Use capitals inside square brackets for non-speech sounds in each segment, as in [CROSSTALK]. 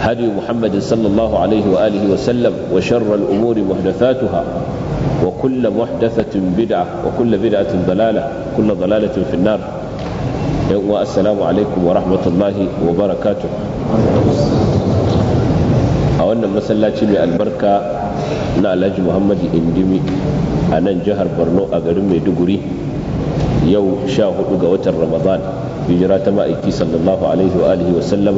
هدي محمد صلى الله عليه وآله وسلم وشر الأمور محدثاتها وكل محدثة بدعة وكل بدعة ضلالة وكل ضلالة في النار السلام عليكم ورحمة الله وبركاته أولا مسلاتي من البركة نعلاج محمد اندمي أنا جهر برنو أقرمي دقري يو شاهد قوة رمضان هجرة مائكي صلى الله عليه وآله وسلم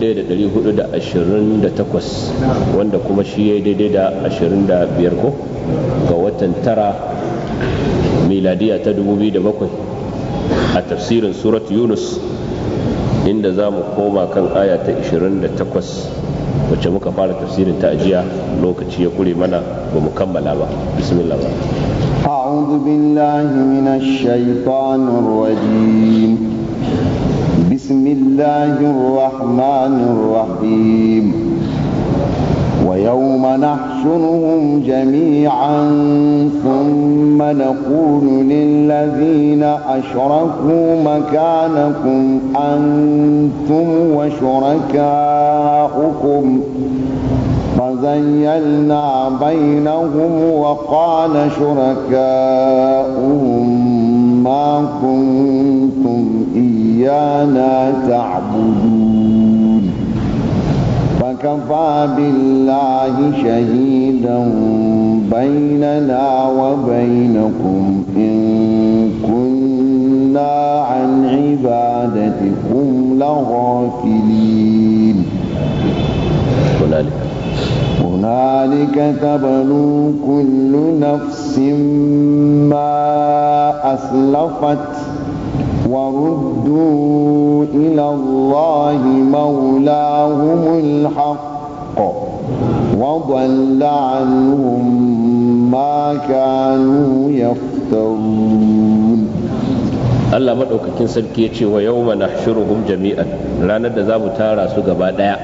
1428 wanda kuma shi ya daidai da 25 ko ga watan tara miladiya ta 2007 a tafsirin surat yunus inda za mu koma kan aya ta 28 wacce muka fara tafsirin ta ajiya lokaci ya kure mana ba mu kammala ba bismillah ba أعوذ بالله من الشيطان الرجيم بسم الله الرحمن الرحيم ويوم نحشرهم جميعا ثم نقول للذين أشركوا مكانكم أنتم وشركاؤكم فزيلنا بينهم وقال شركاؤهم ما كنتم إيه إيانا تعبدون فكفى بالله شهيدا بيننا وبينكم إن كنا عن عبادتكم لغافلين هنالك هنالك تبلو كل نفس ما أسلفت وردوا إلى الله مولاهم الحق وضل عنهم ما كانوا يفترون Allah maɗaukakin sarki ya ce wa yau mana shuruhum jami'an ranar da za mu tara su gaba ɗaya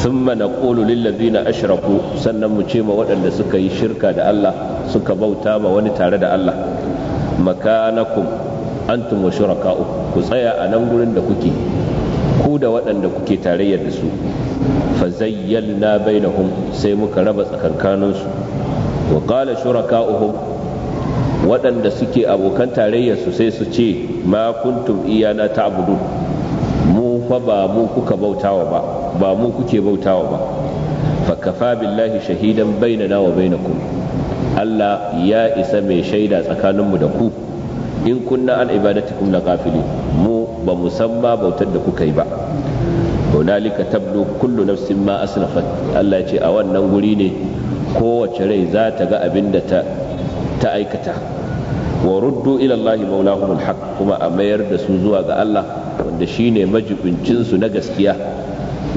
sun mana ƙolu lillazina ashraku sannan mu ce ma waɗanda suka yi shirka da Allah suka bauta ma wani tare da Allah makanakum antum wa shuraka'ukum ku tsaya a nan gurin da kuke ku da waɗanda kuke tarayyar da su fa zayyalna bainahum sai muka raba tsakankanin su wa qala shuraka'uhum waɗanda suke abokan tarayyar su sai su ce ma kuntum iyana ta'budun mu fa ba mu kuka bautawa ba ba mu kuke bautawa ba fa kafa billahi shahidan bainana wa bainakum Allah ya isa mai shaida tsakaninmu da ku in kunna an ibadatikum laqafilin mu ba musamma bautar da kuka yi ba hunalika tablu kullu nafsin ma aslafat Allah ya ce a wannan guri ne kowace rai za ta ga abin da ta aikata wa ruddu ila Allah maulahumul haq kuma a mayar da su zuwa ga Allah wanda shine majibincin su na gaskiya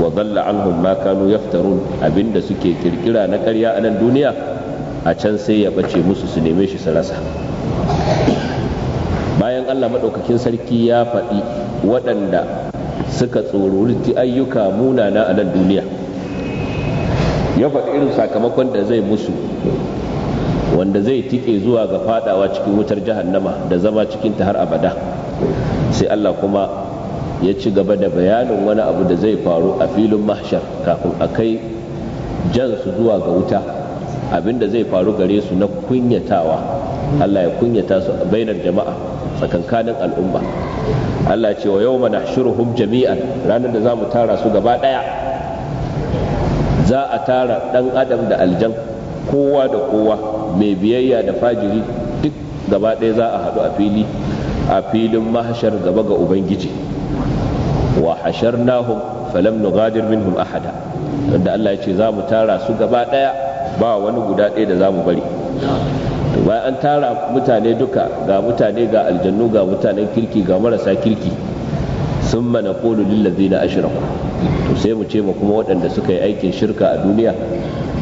wa dhalla anhum ma kanu yaftarun abinda suke kirkira na ƙarya a nan duniya a can sai ya bace musu su neme shi su rasa Allah maɗaukakin sarki ya faɗi waɗanda suka tsororiti ayyuka munana a nan duniya ya faɗi irin sakamakon da zai musu wanda zai tike zuwa ga fadawa cikin wutar jahannama da zama cikin ta har abada sai Allah kuma ya ci gaba da bayanin wani abu da zai faru a filin mahshar kafin a kai jan su zuwa ga wuta abinda zai faru gare su na kunyatawa Allah ya kunyata su a bainar jama'a tsakankanin al'umma Allah ce wa yau mana shuruhum jami'an ranar da za mu tara su gaba ɗaya za a tara ɗan adam da aljan kowa da kowa mai biyayya da fajiri duk gaba ɗaya za a haɗu a fili a filin mahashar gaba ga ubangiji wa hasharnahum falam nugadir minhum ahada wanda Allah ya ce za mu tara su gaba ɗaya ba wani guda ɗaya da za mu bari bayan an tara mutane duka ga mutane ga aljannu ga mutanen kirki ga marasa kirki sun mana kolo lillazi na ashiraku to sai mu ce ma kuma waɗanda suka yi aikin shirka a duniya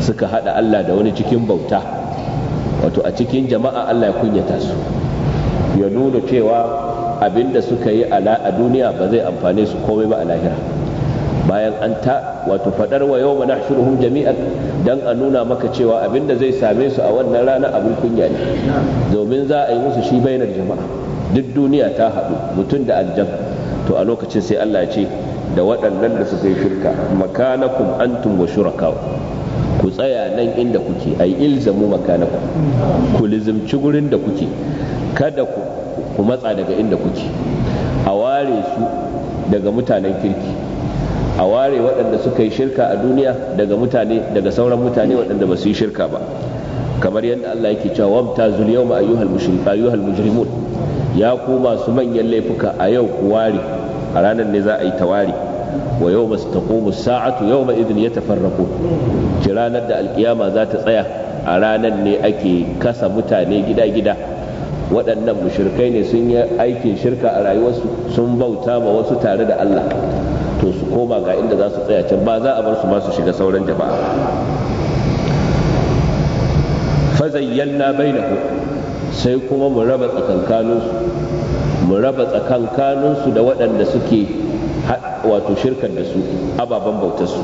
suka haɗa allah da wani cikin bauta wato a cikin jama'a allah ya kunyata su ya nuna cewa abinda suka yi a duniya ba zai amfane su komai ba a lahira bayan an ta wato fadar wa yau mana shuruhun jami'an don a nuna maka cewa abinda zai same su a wannan rana abin kunya ne domin za a yi musu shi bainar jama'a duk duniya ta haɗu mutum da aljan to a lokacin sai Allah ya ce da waɗannan da suka yi shirka makanakum antum wa shurakaw ku tsaya nan inda kuke ai ilzamu makanakum ku lizimci gurin da kuke kada ku matsa daga inda kuke a ware su daga mutanen kirki a ware waɗanda suka yi shirka a duniya daga mutane daga sauran mutane waɗanda ba su yi shirka ba kamar yadda Allah yake cewa wamta zul yawma ayyuhal mushrik ayyuhal mujrimun ya ku masu manyan laifuka a yau ku ware a ranar ne za a yi tawari wa yau masu taƙomu sa'atu yau ma ya tafarraku ci ranar da alkiyama za ta tsaya a ranar ne ake kasa mutane gida-gida waɗannan mushrikai ne sun yi aikin shirka a rayuwarsu sun bauta ma wasu tare da Allah to su koma ga inda za su tsaya can ba za a bar su ba su shiga sauran jama'a Fa na bainahu sai kuma mu raba su mu raba su da waɗanda suke wato shirkar da su ababen su.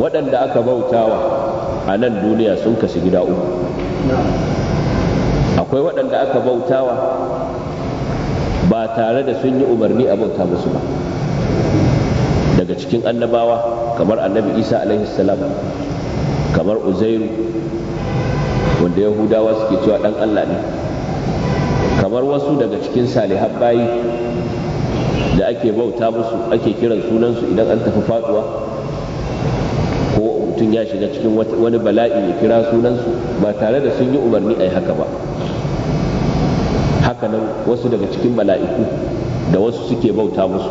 waɗanda aka bautawa a nan duniya sun kasu gida uku akwai waɗanda aka bautawa ba tare da sun yi umarni a bauta musu ba daga cikin annabawa kamar annabi isa alaihi salam kamar uzairu wanda yahudawa suke cewa dan allah ne kamar wasu daga cikin salihan bayi da ake bauta musu ake kiran sunansu idan an tafi faduwa ko mutum ya shiga cikin wani bala'i ya kira sunansu ba tare da sun yi umarni a yi haka ba haka nan wasu daga cikin mala'iku da wasu suke bauta musu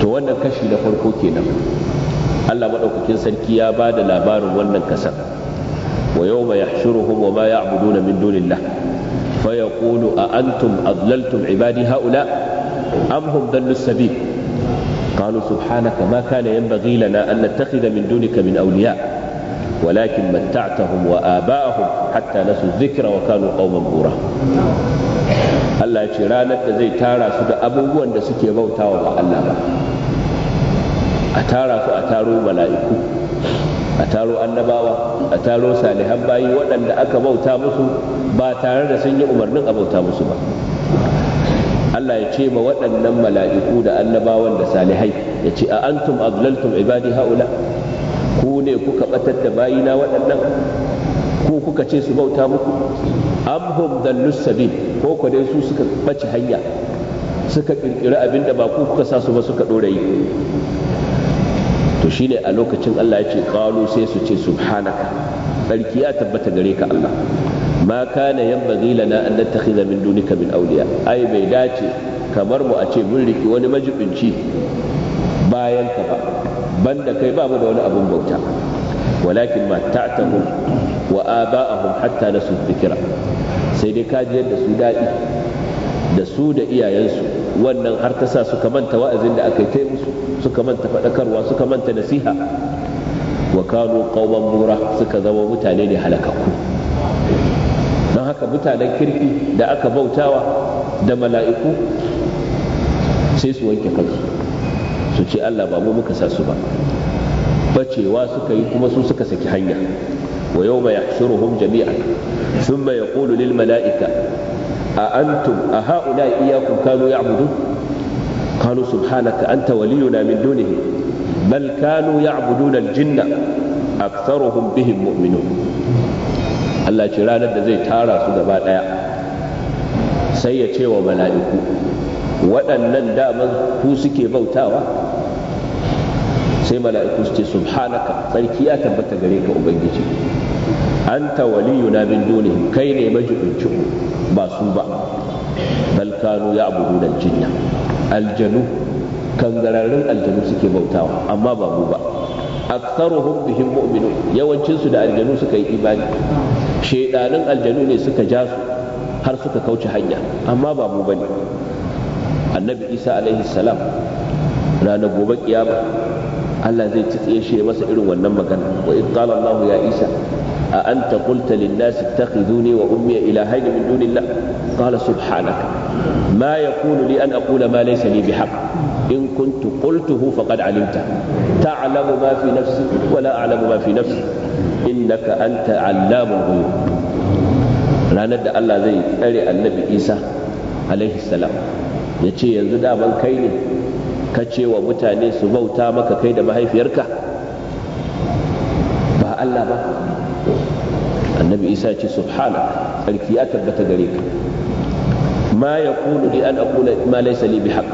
to wannan kashi na farko kenan Allah maɗaukakin sarki ya ba da labarin wannan kasar wa yau mai yahshuruhum wa ma ya'buduna min dunillah fa yaqulu a antum adlaltum ibadi haula am hum dallu qalu subhanaka ma kana yanbaghi lana an nattakhidha min dunika min awliya' walakin matta'tahum wa aba'ahum hatta nasu zikra wa Kano qauman bura Allah ce ranar da zai tara su da abubuwan da suke bautawa ba Allah ba a tara su a taro mala'iku a taro annabawa a taro salihan bayi waɗanda aka bauta musu ba tare da sun yi umarnin a bauta musu ba Allah ya ce ma waɗannan mala'iku da annabawan da salihai ya ce a antum azlaltum ibadi haula ku ne kuka batar da bayina waɗannan ku kuka ce su bauta muku amhum dallus ko ko dai su suka bace hanya suka kirkiri abin ba ku kuka sa su ba suka dora yi to shine a lokacin Allah ya ce qalu sai su ce subhanaka sarki ya tabbata gare ka Allah ma kana yanbaghi lana an nattakhidha min dunika min awliya ai bai dace kamar mu a ce mun riki wani majibinci bayan ka ba banda kai ba mu da wani abun bauta walakin ma ta'tahum wa aba'ahum hatta nasu dhikra sai dai ka da su dadi da su da iyayensu wannan har ta sa suka manta wa'azin da aka yi musu suka manta faɗakarwa suka manta nasiha wa kanu qauman mura suka zama mutane ne halakakku don haka mutanen kirki da aka bautawa da mala'iku sai su wanke kansu su ce Allah ba mu muka sa su ba bacewa suka yi kuma su suka saki hanya wa yawma yahshuruhum jami'an thumma yaqulu lil mala'ika a antum a ha'ula iyyakum kanu ya'budun qalu subhanaka anta na min dunihi bal kanu abudu al-jinna aktharuhum bihim mu'minun Allah ce ranar da zai tara su gaba daya sai ya ce wa mala'iku waɗannan daman ku suke bautawa sai mala'iku su ce subhanaka tsarki ya tabbata gare ka ubangiji anta na min dunihim kai ne majibincin ba su ba bal kanu ya'buduna da jinya. aljanu kangararrun aljanu suke bautawa amma ba mu ba aktharuhum bihim muminu yawancin su da aljanu suka yi imani shedanin aljanu ne suka ja su har suka kauce hanya amma ba mu bane annabi isa alaihi salam ranar gobe kiyama Allah zai tsiye shi ya masa irin wannan magana wa in qala Allah ya Isa a anta qulta lin nas ittakhiduni wa ummi ilahayn min dunillah qala subhanaka ma yakunu li an aqula ma laysa li bihaqq إن كنت قلته فقد علمته تعلم ما في نفسي ولا أعلم ما في نفسي إنك أنت علام الغيوب ranar da Allah zai tsare annabi Isa alaihi salam yace yanzu da daman kai ne ka ce wa mutane su bauta maka kai da mahaifiyarka ba Allah ba annabi isa ce subhana, sarki ya tabbata gare ka ma ya kulu li an aqula ma laysa li bihaq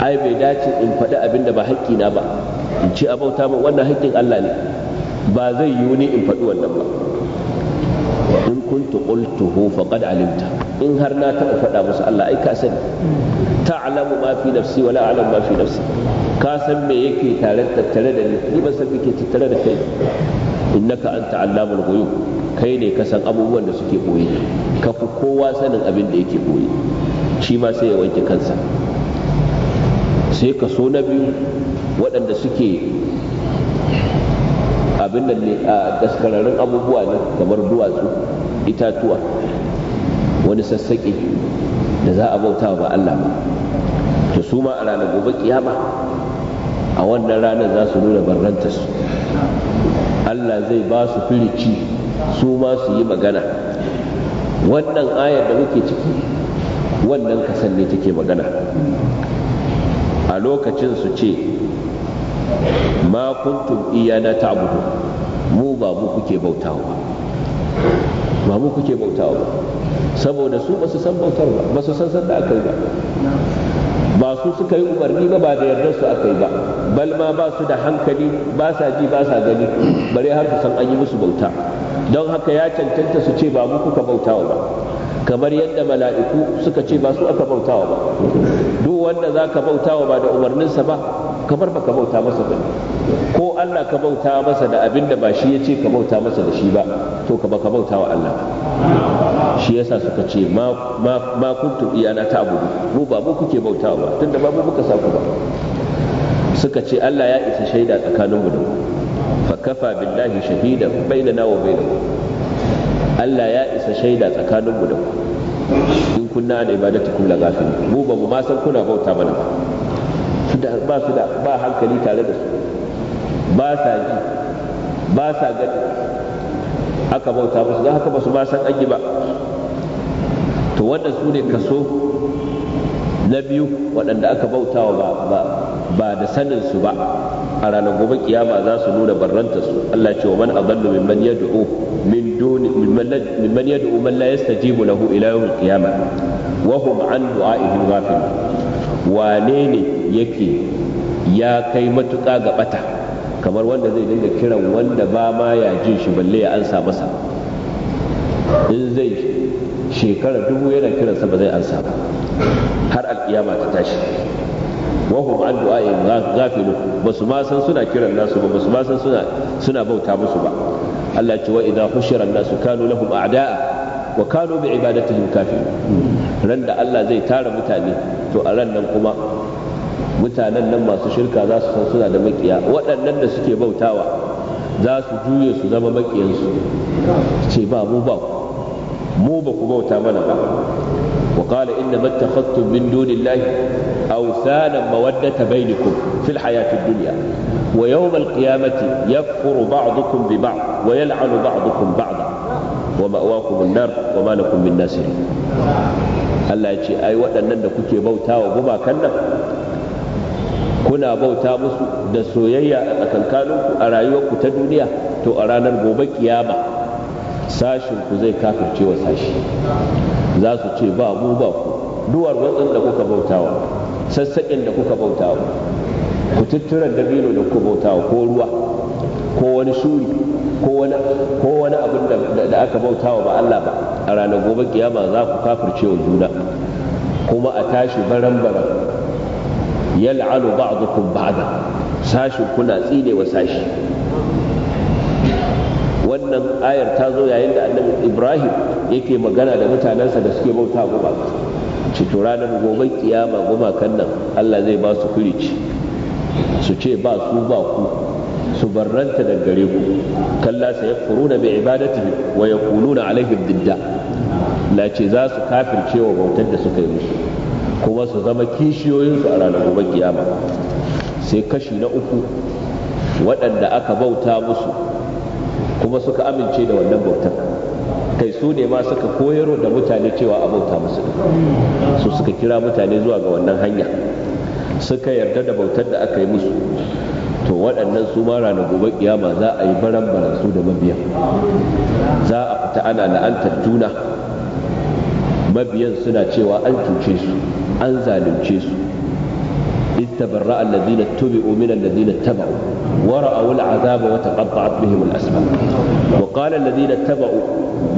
ai bai dace in faɗi abin da ba haƙƙi na ba in ce a bauta ma wannan haƙƙin Allah ne ba zai yi ni in faɗi wannan ba in kuntu qultuhu faqad alimta in har na taɓa faɗa musu Allah ai ka sani alamu ma fi nafsi wala alam ma fi nafsi ka san me yake tare tattare da ni ni ba san yake tattare da kai innaka anta allamul ghuyub kai ne ka san abubuwan da suke boye ka fi kowa sanin abin da yake boye shi ma sai ya wanke kansa sai ka so na biyu waɗanda suke abin da ne a daskararrun abubuwa ne kamar duwatsu itatuwa wani sassaƙi da za a bauta ba Allah ba to su ma a ranar gobe kiyama a wannan ranar za su nuna barrantarsu Allah zai ba su firici su ma su yi magana wannan ayar da muke ciki wannan kasan ne take magana a lokacin su ce ma kuntum iyana ta'budu mu ba mu kuke bautawa ba ba mu kuke bautawa ba saboda su ba su san bautar ba ba su san sanda aka yi ba ba su suka yi umarni ba ba da yardar su aka yi ba bal ma ba su da hankali ba sa ji ba sa gani bare har su san an yi musu bauta don haka ya cancanta su ce ba mu kuka bautawa ba kamar yadda mala'iku suka ce ba su aka bautawa ba duk wanda za ka bautawa ba da umarninsa ba kamar ba ka bauta masa ba ko Allah ka bauta masa da abin da ba shi ya ce ka bauta masa da shi ba to ka ba ka bauta wa Allah shi yasa suka ce ma kuntu iyana ta abudu mu ba mu kuke bautawa ba tunda ba mu muka saku ba suka ce Allah ya isa shaida tsakaninmu da mu fa kafa billahi shahida bainana wa bainakum Allah ya isa shaida tsakanin mu da ku in kunna an ibadatu kullu ghafilin mu ba mu ma san kuna bauta mana ba su da ba su da ba hankali tare da su ba sa ji ba sa gani aka bauta musu dan haka ba su ma san an ba to wanda su ne kaso na biyu waɗanda aka bauta ba ba da sanin su ba a ranar gobe kiyama za su nuna barranta su Allah ce wa man adallu mimman yad'u min duni mimman yad'u man la yastajibu lahu ila yawm al-qiyama wa hum an du'a'ihim ghafil wane ne yake ya kai matuƙa ga bata kamar wanda zai dinga kiran wanda ba ma ya jin shi balle ya ansa masa in zai shekara dubu yana kiransa ba zai ansa ba har al-qiyama ta tashi wahum an du'a'in ghafilu basu ma san suna kiran nasu ba basu ma san suna suna bauta musu ba Allah ya ce wa idza hushira nasu kanu lahum a'da'a wa kanu bi ibadatihim kafirin ran da Allah zai tara mutane to a ran nan kuma mutanen nan masu shirka za su san suna da makiya waɗannan da suke bautawa za su juye su zama makiyansu ce ba mu ba mu ba ku bauta mana ba وقال إنما اتخذتم من دون الله أوثانا مودة بينكم في الحياة الدنيا ويوم القيامة يكفر بعضكم ببعض ويلعن بعضكم بعضا ومأواكم النار وما لكم من ناصرين Allah ya ce ai waɗannan da kuke bautawa wa gumakan nan kuna bauta musu da soyayya a tsakankaninku a rayuwarku ta duniya to a ranar gobe ƙiyama, sashin ku zai kafirce sashi za su ce ba mu ba ku duwar watsin da kuka bautawa sassaƙin da kuka bautawa ku tutturan dabino da kuka bautawa ko ruwa ko wani shuri ko wani abin da aka bautawa ba Allah ba a ranar gobe kiyama za ku kafirce wa juna kuma a tashi baran baran yal'anu ba'dukum ba'da sashi kuna tsine wa sashi wannan ayar ta zo yayin da annabi Ibrahim yake magana da mutanensa da suke bauta guba ci to ranar gobe kiyama kan nan Allah zai ba su kurici su ce ba su ba ku su barranta da gare ku kalla sa da bai ibadatu wa na alaihim didda la ce za su kafirce wa bautar da suka yi musu kuma su zama kishiyoyinsu a ranar gobe kiyama sai kashi na uku waɗanda aka bauta musu kuma suka amince da wannan bautar kai su ne ma suka koyarwa da mutane cewa abauta musu su suka kira mutane zuwa ga wannan hanya suka yarda da bautar da aka yi musu to waɗannan su mara na gobe kiyama za a yi baran baran su da mabiyan za a fita ana la'antar juna mabiyan suna cewa an cuce su an zalunce su ittabarra tobe tubi'u min alladhina tabau ورأوا العذاب وتقطعت بهم الأسباب وقال الذين اتبعوا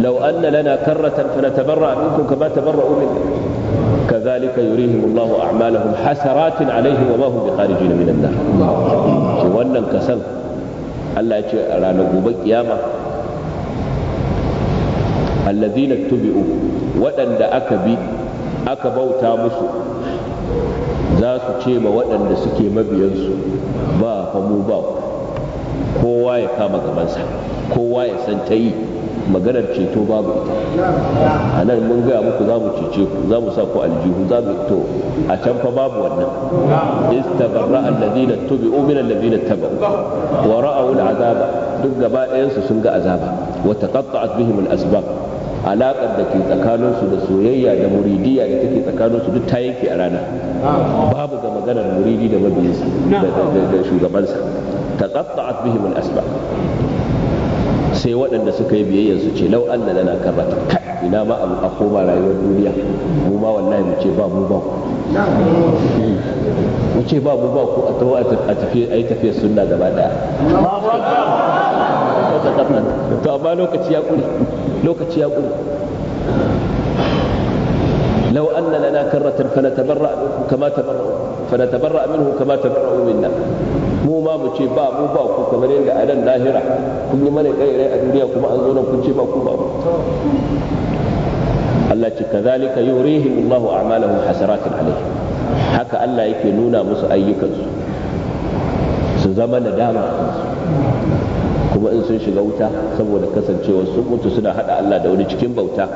لو أن لنا كرة فنتبرأ منكم كما تبرأوا منكم كذلك يريهم الله أعمالهم حسرات عليهم وما هم بخارجين من النار wannan kasan Allah ya ce a ranar gobe kiyama allazina tubi'u waɗanda aka bi aka bauta musu za su ce ma waɗanda suke mabiyansu ba fa mu ba kowa ya kama gabansa kowa ya san ta yi maganar ceto babu ita a nan mun gaya muku za mu cece ku za mu sa ku aljihu za mu to a can fa babu wannan istabarra alladhina tubi'u min alladhina tabu wa ra'aw al'azaba duk gaba ɗayan su sun ga azaba wa taqatta'at bihim al-asbab alaƙar da ke tsakaninsu da soyayya da muridiya da take tsakaninsu duk ta yanke a rana babu ga maganar muridi da mabiyansu da shugabansa ta tsatta'at bihim al-asba sai waɗanda suka yi biyayya su ce lau an lana karrata kai ina ma abu a koma rayuwar duniya mu ma wallahi mu ce ba mu ba mu ce ba mu ba ku a tawo a tafi a yi tafiyar sunna gaba daya to amma lokaci ya kure lokaci ya ƙuri لو أن لنا كرة فنتبرأ منهم كما تبرأوا فنتبرأ منهم كما تبرأوا منا mu ma mu ce ba mu ba ku kamar yadda a nan lahira kun yi mana kairai a duniya kuma an zo na kuce ce ba ku ba Allah ce kazalika yurihim Allahu a'malahum hasaratin haka Allah yake nuna musu ayyukansu su zama nadama kansu kuma in sun shiga wuta saboda kasancewa sun mutu suna hada Allah da wani cikin bauta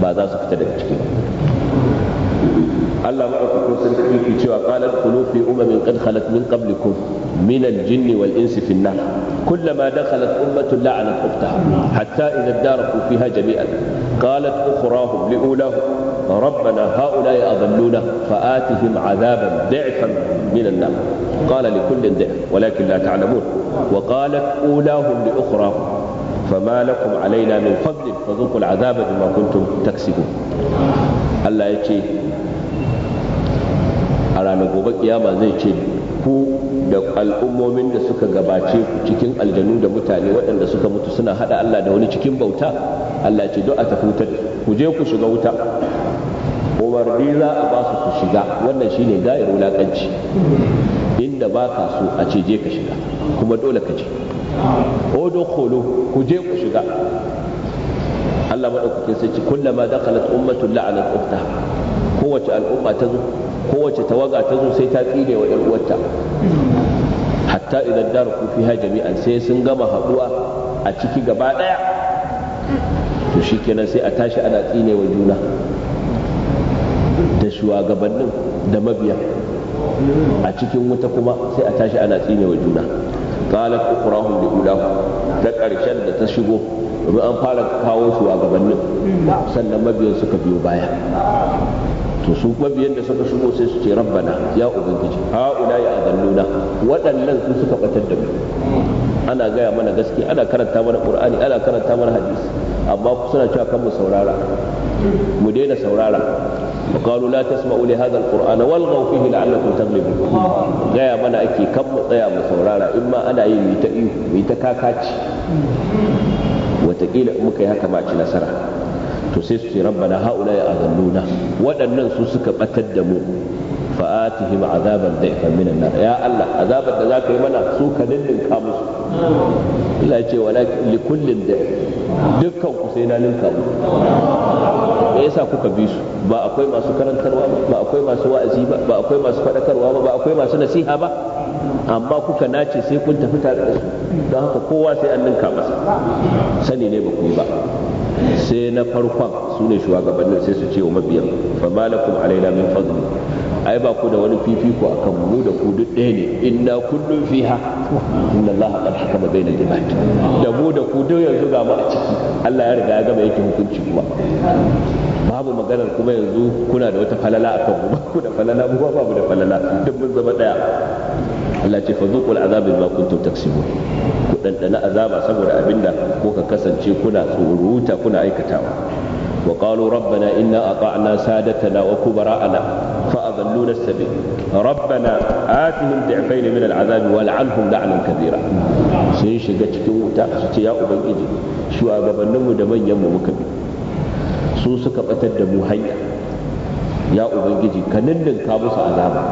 ba za su fita daga cikin Allah maɗaukakin sun ke cewa qalat qulu fi umamin qad khalat min qablikum min al-jinn wal insi fi an-nar kullama dakhalat ummatun la'anat ukhtaha hatta idha daraku fiha jami'an qalat ukhrahum لأولاهم ربنا هؤلاء أضلونا فآتهم عذابا ضعفا من النار قال لكل ضعف ولكن لا تعلمون وقالت أولاهم لأخراهم فما لكم علينا من فضل فذوقوا العذاب بما كنتم تكسبون الله يجي a ranar gobe kiyama zai ce ku da al'ummomin da suka gabace ku cikin aljanu da mutane waɗanda suka mutu suna hada Allah da wani cikin bauta Allah ce duk a tafi ku je ku shiga wuta umarni za a ba su ku shiga wannan shine da'ir wulaƙanci inda ba ka so a ce je ka shiga kuma dole ka je kolo ku je ku shiga Allah maɗaukake sai ce kullama dakhalat ummatun la'anat ukhtaha kowace al'umma ta zo kowace tawaga ta zo sai ta tsine wa 'yar uwarta hatta idan dar ku fiha jami'an sai sun gama haɗuwa a ciki gaba ɗaya to shikenan sai a tashi ana tsine wa juna shugabannin da mabiya a cikin wuta kuma sai a tashi ana tsine wa juna qalat ukhrahum li ulahu ta karshen da ta shigo domin an fara kawo gabanin sannan mabiyan suka biyo baya to su mabiyan da suka shigo sai su ce rabbana ya ubangiji ha'ula ya azalluna waɗannan su suka batar da mu ana gaya mana gaskiya ana karanta mana qur'ani ana karanta mana hadisi amma ku suna cewa kan saurara mu daina saurara wa qalu la tasma'u li hadha alquran wal fihi la'allakum taghlibu gaya mana ake kan mu tsaya mu saurara in ma ana yi mu ta yi mu kakaci wataƙila in muka yi haka ma ci nasara to sai su ce rabbana haula ya azalluna waɗannan su suka ɓatar da mu fa'atihim azaban azaban da'ifan minan nar ya Allah azaban da zaka yi mana su ka ka musu Allah ya ce walakin kullin da dukkan ku sai na ninka musu me yasa kuka bi su ba akwai masu karantarwa ba ba akwai masu wa'azi ba ba akwai masu fadakarwa ba ba akwai masu nasiha ba amma kuka nace sai kun tafi tare da su don haka kowa sai an ninka masa sani ne ba ku yi ba sai na farkon su ne shugabannin sai su ce wa mabiyan fa malakum alaina min fadli ai ba ku da wani fifiko akan mu da ku duk ɗaya ne inna kullun fiha inna allaha qad hakama bayna al-ibad da mu da ku duk yanzu ga mu a ciki Allah ya riga ya gama yake hukunci kuma babu maganar kuma yanzu kuna da wata falala akan mu ba ku da falala mu ba babu da falala duk mun zama ɗaya Allah ce fa zuqul azab bima kuntum taksibun ku dandana azaba saboda abinda kuka kasance kuna tsoruta kuna aikatawa وقالوا ربنا إنا أطعنا سادتنا وكبراءنا فأضلونا السبيل ربنا آتهم ضعفين من العذاب والعنهم لعنا كبيرا sun shiga cikin wuta su ce ya ubangiji shugabanninmu da manyanmu muka bi su suka batar da mu hanya ya ubangiji ka musu azaba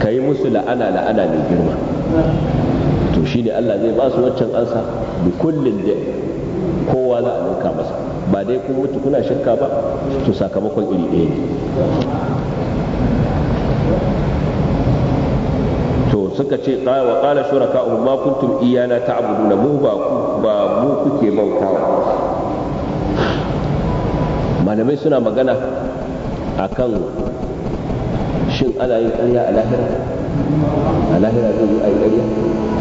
ka yi musu la'ana la'ana mai girma to shine Allah zai ba su waccan ansa bi kullum da kowa za a ninka masa ba dai kun mutu kuna shirka ba to sakamakon iri ɗaya ne to suka ce wa shuraka shuraka'u ma kuntum iyana ta mu ba ku ba mu kuke bauta? malamai suna magana akan shin ana yin ƙarya a lahira a lahira zai yi a yi ƙarya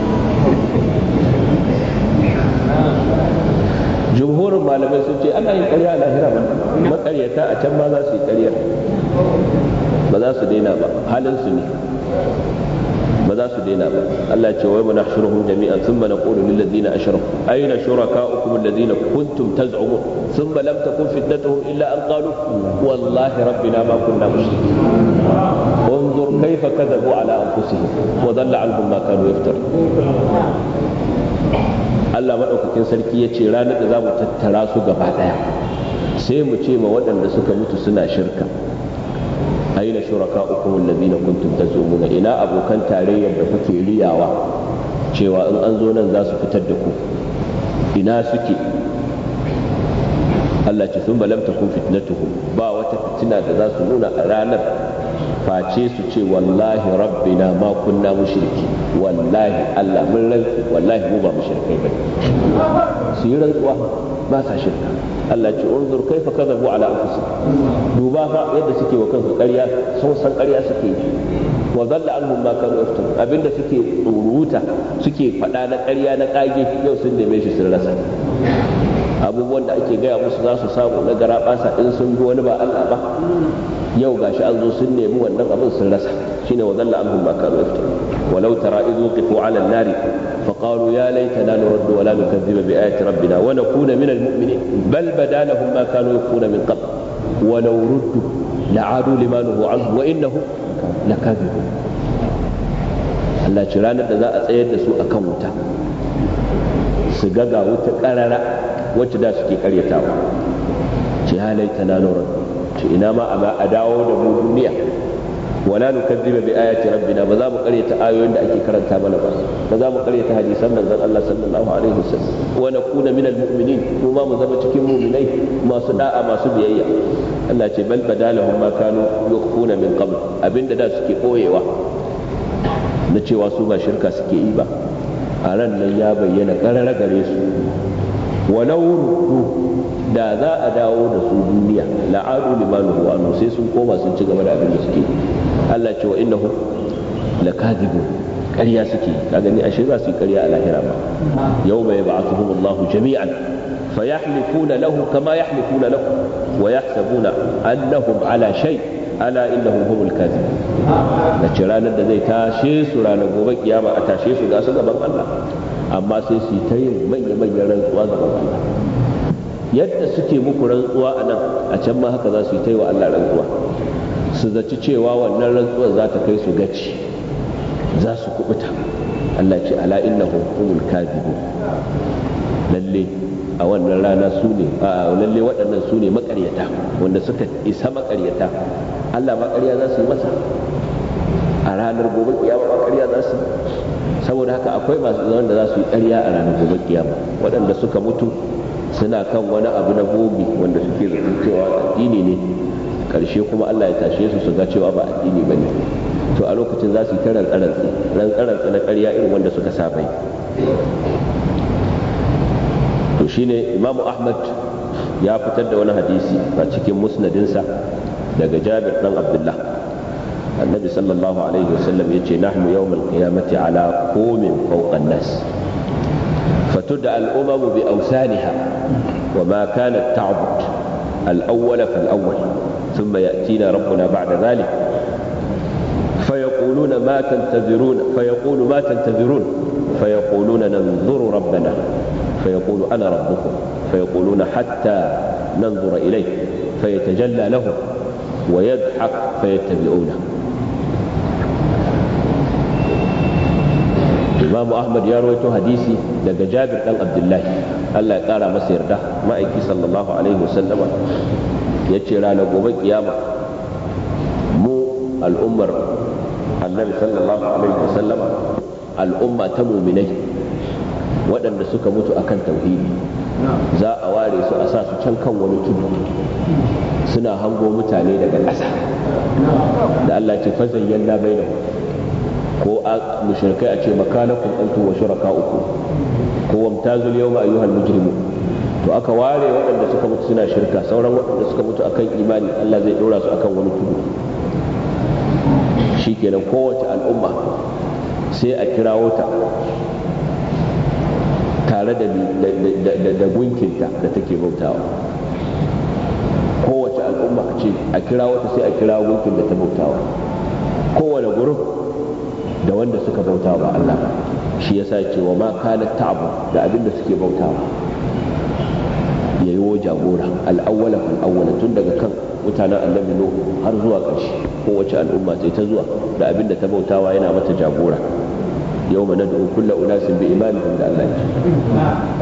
jumhurin malamai sun ce ana yin ƙarya a lahira maƙaryata a can ma za su yi ƙarya ba za su daina ba halin su ne ba za su daina ba Allah ce wai muna shuruhum jami'an thumma naqulu lil ladina ashraku ayna shurakaukum alladhina kuntum taz'umun thumma lam takun fitnatuhum illa an qalu wallahi rabbina ma kunna mushrikin انظر كيف كذبوا على انفسهم وضل عنهم ما كانوا يفترون Allah maɗaukakin sarki ya ce ranar da za mu tattara su gaba ɗaya sai mu ce ma waɗanda suka mutu suna shirka aina shuraka uku allazina kuntum tazumuna ina abokan tarayyar da kuke riyawa cewa in an zo nan za su fitar da ku ina suke Allah ce sun balam takun fitnatuhum ba wata fitina da za su nuna a ranar face su ce wallahi rabbina ma kunna mushriki wallahi Allah mun rantsi wallahi mu ba mushrikai bane su yi rantsuwa ba sa shirka Allah ce unzur kaifa kadhabu ala anfusihim duba fa yadda suke wa kansu ƙarya sun san ƙarya suke yi wa zalla anhum ma kanu yaftun abinda suke tsuruta suke faɗa na ƙarya na ƙage yau sun neme shi sun rasa abubuwan da ake gaya musu za su samu na gara basa in sun bi wani ba Allah ba yau gashi an zo sun nemi wannan abin sun rasa shine wa zalla anhum ma kanu yaftar walau tara idh waqifu ala an-nar fa qalu ya laitana nurad wa la nukadhiba bi ayati rabbina wa nakuna min al-mu'minin bal bada lahum ma kanu yakuna min qabl wa law ruddu la'adu lima nuhu anhu wa innahu lakadhibun Allah ci ranar da za a tsayar da su akan wuta su ga ga wuta karara wacce da suke karyatawa ce halaita na nuran ce ina ma a dawo da mu duniya wala nukazziba bi ayati rabbina ba za mu karyata ayoyin da ake karanta mana ba ba za mu karyata hadisan zan Allah sallallahu alaihi wasallam wa nakuna min almu'minin kuma mu zama cikin mu'minai masu da'a masu biyayya Allah ce bal badalahum ma kanu kuna min qabl abinda da suke koyewa na cewa su ba shirka suke yi ba a ran nan ya bayyana karara gare su walau ruddu da za a dawo da su duniya la'adu limanu huwa sai sun koma sun ci gaba da abin da suke Allah ce wa innahu lakadibun ƙarya suke ka gani ashe za su yi ƙarya a lahira ba yau bai ba ba'athuhum Allahu jami'an Fa fayahlifuna lahu kama yahlifuna lakum wa yahsabuna annahum ala shay ala innahum humul Na da ranar da zai tashe su ranar gobe kiyama a tashe su ga su gaban Allah amma sai su ta yin manya-manyan rantsuwa ga Allah yadda suke muku rantsuwa a nan a can ma haka za su yi ta yi wa Allah rantsuwa su zaci cewa wannan rantsuwar za ta kai su gaci za su kubuta Allah ce ala inna hukumul kadibun lalle a wannan rana su ne a lalle waɗannan su ne makaryata wanda suka isa makaryata Allah makarya za su yi masa a ranar gobe kiyama makarya za su yi saboda haka akwai masu zaman da za su yi ƙarya a ranar gobe kiyama waɗanda suka mutu suna kan wani abu na bogi wanda suke zaton cewa addini ne ƙarshe kuma Allah ya tashe su su ga cewa ba addini ba ne to a lokacin za su yi ta ran rantsarantsi na ƙarya irin wanda suka saba yi to shine imamu ahmad ya fitar da wani hadisi a cikin musnadinsa daga jabir ɗan abdullah النبي صلى الله عليه وسلم يجي نحن يوم القيامة على قوم فوق الناس فتدعى الأمم بأوثانها وما كانت تعبد الأول فالأول ثم يأتينا ربنا بعد ذلك فيقولون ما تنتظرون فيقول ما تنتظرون فيقولون ننظر ربنا فيقول أنا ربكم فيقولون حتى ننظر إليه فيتجلى لهم ويضحك فيتبعونه imamu ahmad ya rawaito hadisi daga jabir dan abdullahi allah ya kara masa yarda ma'aiki sallallahu alaihi wasallama ya ce ranar gobe kiyama mu al'ummar annabi sallallahu alaihi wasallama al'umma ta muminai waɗanda suka mutu akan tauhidi za a ware su a sa su can kan wani tudu suna hango mutane daga ƙasa da Allah ce da mu. ko a mushrikai a ce makanakum antum wa shuraka'ukum ko wamtazul yawma ayyuhal mujrimu to aka ware waɗanda suka mutu suna shirka sauran waɗanda suka mutu akan imani Allah zai ɗora su akan wani tudu shikenan kowace al'umma sai a kirawo ta tare da gunkinta da take bautawa kowace al'umma a ce a kirawo ta sai a kirawo gunkin da ta bautawa kowane gurin da wanda suka bauta ba Allah shi yasa ce wa ma kana ta'abu da abinda suke suke bautawa yayi jagora al-awwala fal awwala tun daga kan mutanen annabi nuhu har zuwa ƙarshe kowace al'umma sai ta zuwa da abinda ta bautawa yana mata jagora yau mana da kulla unasin bi imanin da Allah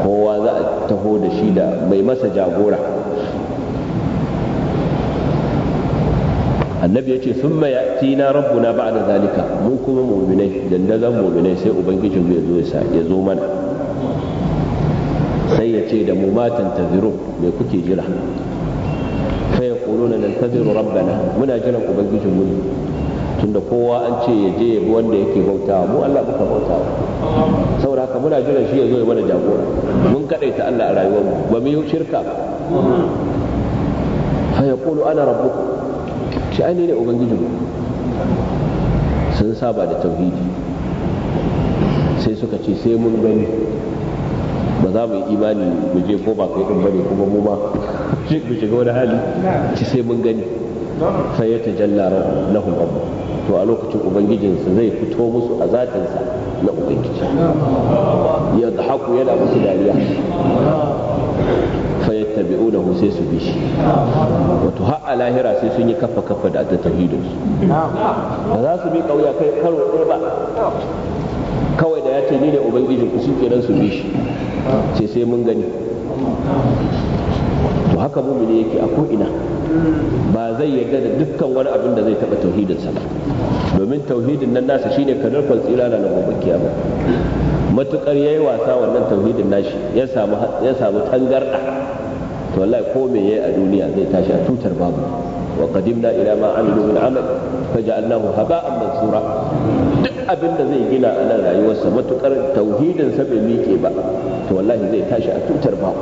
kowa za a taho da shi da mai masa jagora annabi ya ce sun mayati na rabbuna ba da zalika mun kuma muminai dandazon muminai sai ubangijin ya zo mana sai ya ce da mu matan taziru me kuke jira fa ya kuluna nan taziru rabbana muna jiran ubangijin mu tunda kowa an ce ya je yabi wanda yake bautawa mu Allah muka bautawa saboda haka muna jira shi ya zo ya mana jagora mun kadaita Allah a rayuwar mu ba mu yi shirka fa ya ana rabbukum shi ainihin ne ubangiji sun saba da tauhidi sai suka ce sai mun gani ba za mu yi imani mu je ko ba kai ɗin bane kuma mu shi [LAUGHS] mu shiga wani hali ci sai mun gani sai ya tajalla lahum rabb to a lokacin ubangijinsa zai fito musu a zatinsa na ubangiji ya haku yana musu dariya fa yattabi'unahu sai su bi shi wato har a lahira sai sun yi kafa kafa da ta tauhidin ba za su bi kauya kai karo ɗaya ba kawai da ya ce ni ne ubangijin ku shi kenan su bi shi sai sai mun gani to haka ne yake a ko'ina ba zai yarda da dukkan wani abin da zai taɓa tauhidinsa ba domin tauhidin nan nasa shine kadar tsira na gobe kiyama matukar ya yi wasa wannan tauhidin nashi ya samu ya samu to wallahi ko me yayi a duniya zai tashi a tutar babu wa qadimna ila ma amilu min amal faj'alnahu haba'an mansura duk abin da zai gina a nan rayuwarsa matukar tauhidin sa bai miƙe ba to wallahi zai tashi a tutar babu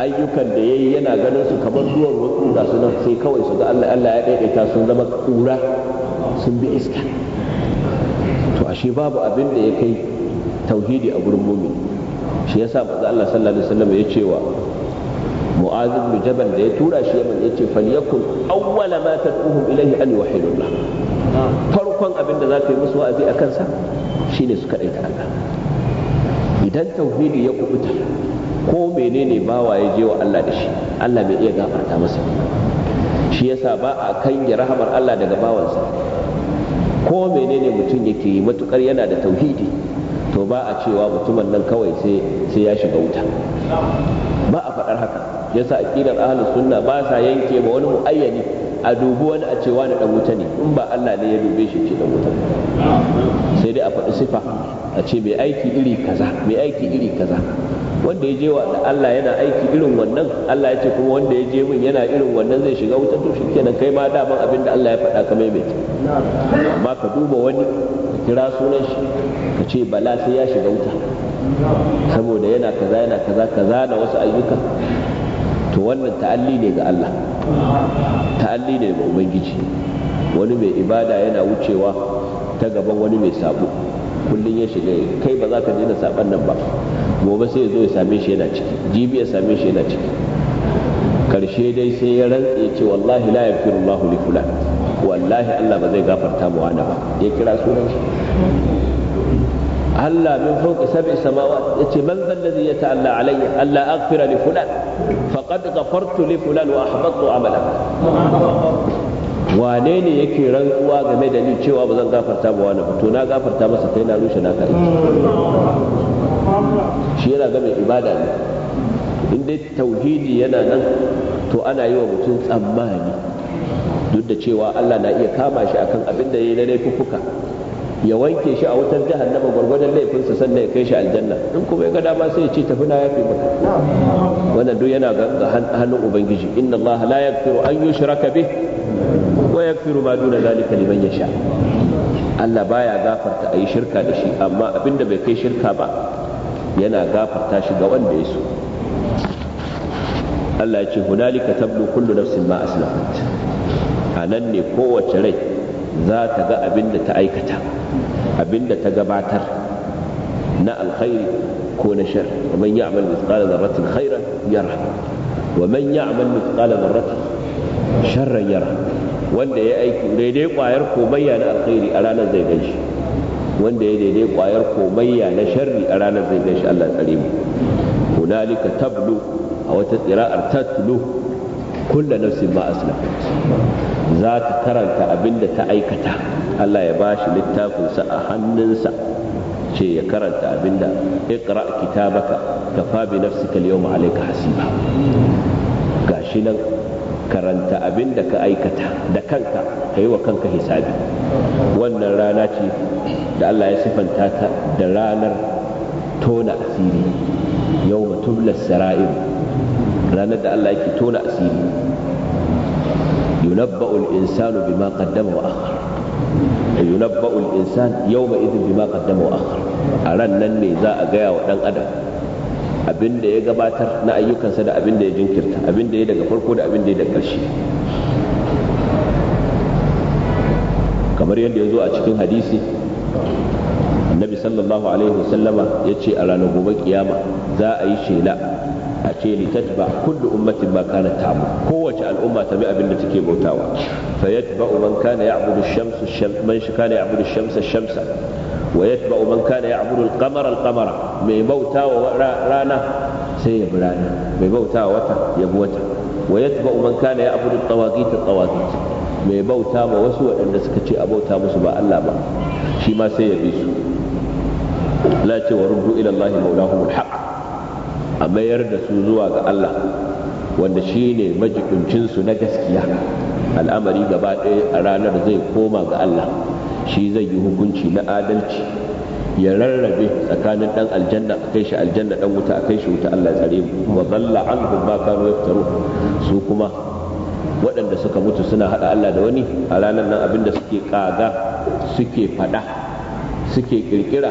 ayyukan da yayi yana ganin su kamar ruwan wasu da su nan sai kawai su ga Allah Allah ya daidaita sun zama kura sun bi iska to ashe babu abin da ya kai tauhidi a gurin mumin shi yasa manzo Allah sallallahu alaihi wasallam ya ce wa mu'az ibn jabal da ya tura shi yaman yace falyakun awwala ma tad'uhum ilayhi an yuhidullah farkon abin da zaka yi musu wa'azi a kansa shine su kadaita Allah idan tauhidi ya kubuta ko menene wa ya je wa Allah da shi Allah bai iya gafarta masa shi yasa ba a kange rahamar Allah daga bawansa ko menene mutum yake yi matukar yana da tauhidi to ba a cewa mutumin nan kawai sai ya shiga wuta ba a faɗar haka yasa aqidar ahlus sunna ba sa yanke ma wani muayyani a dubu wani a ce wani dan wuta ne in ba Allah ne ya dube shi ce dan wuta sai dai a faɗi sifa a ce mai aiki iri kaza mai aiki iri kaza wanda ya je wa Allah yana aiki irin wannan Allah ya ce kuma wanda ya je min yana irin wannan zai shiga wutar to shikenan kai ma ban abin da Allah ya faɗa ka mai amma ka duba wani ka kira sunan shi ka ce bala sai ya shiga wuta saboda yana kaza yana kaza kaza da wasu ayyuka to wannan ta'alli ne ga Allah ta'alli ne ga ubangiji wani mai ibada yana wucewa ta gaban wani mai sabo kullum ya shiga kai ba za ka daina saban nan ba gobe sai ya zo ya same shi yana ciki jibi ya same shi yana ciki karshe dai sai ya rantse ya ce wallahi la yaghfiru Allahu li fulan wallahi Allah ba zai gafarta mu wani ba ya kira sunan shi Allah sab'i من yace man zal ladhi yata'alla alayya alla aghfira li fulan faqad ghafartu li fulan wa وأحبطت عمله wane ne yake rantsuwa game da ni cewa ba zan gafarta ba wani to na gafarta masa kai na rushe na kare shi yana game da ibada ne in dai tauhidi yana nan to ana yi wa mutum tsammani duk da cewa Allah na iya kama shi akan abin da ya na laifuffuka ya wanke shi a wutar jahannama gwargwadon laifinsa sannan ya kai shi aljanna in kuma ya ga dama sai ya ce tafi na yafe maka wannan duk yana ga hannun ubangiji inna allaha la yaghfiru an yushraka bih wa yaghfiru ma duna zalika liman yasha Allah baya gafarta ayi shirka da shi amma abinda bai kai shirka ba yana gafarta shi ga wanda ya so Allah ya ce hunalika tablu kullu nafsin ma aslamat anan ne kowace rai za ta ga abin da ta aikata abin da ta gabatar na alkhairi ko na shar wa man ya'mal mithqala dharratin khairan yara wa man ya'mal mithqala dharratin sharran yara wanda ya aiki daidai kwayar komayya na alkhairi a ranar zai gan shi wanda ya daidai kwayar komayya na sharri a ranar zai gan shi Allah tsare mu hunalika tablu a wata tsira'ar tatlu kullu nafsin ma aslafat za ta karanta abinda ta aikata Allah ya bashi littafinsa a hannunsa ce ya karanta abinda iqra kitabaka kafa bi nafsika al-yawma alayka hasiba gashi nan karanta abinda ka aikata da kanka kai wa kanka hisabi wannan rana ce da Allah ya sifanta ta da ranar tona asiri yawma tubla sarair ranar da Allah yake tona asiri yunabba al-insanu bima qaddama wa akhar yunabba al-insan yawma idhin bima qaddama wa akhar a ran nan ne za a gaya wa dan adam abin da ya gabatar na ayyukansa da abin da ya jinkirta abin da ya daga farko da abin da ya daga ƙarshe kamar yadda ya zo a cikin hadisi annabi sallallahu alaihi wasallama ya ce a ranar gobe kiyama za a yi shela a ce li tatba kullu ummatin ma kana tamu kowace al'umma ta bi abin da take bautawa fa yatba man kana ya'budu ash-shamsa man kana ya'budu ash-shamsa ash-shamsa wa yatba man kana ya'budu al-qamara al-qamara mai bautawa rana sai ya bi rana mai bautawa wata ya bi wata wa yatba man kana abudu at-tawagit at-tawagit mai bauta ma wasu waɗanda suka ce a bauta musu ba Allah ba shi ma sai ya bi su la ce wa ruddu ila Allah maulahum al-haqq a mayar da su zuwa ga Allah wanda shi ne majibincinsu na gaskiya al'amari gaba ɗaya a ranar zai koma ga Allah shi zai yi hukunci na adalci ya rarrabe tsakanin ɗan aljanna a kai shi aljanna ɗan wuta a kai shi wuta Allah tsare mu wa dhalla an ma kanu yaftaru su kuma waɗanda suka mutu suna haɗa Allah da wani a ranar nan abinda suke ƙaga, suke fada suke ƙirƙira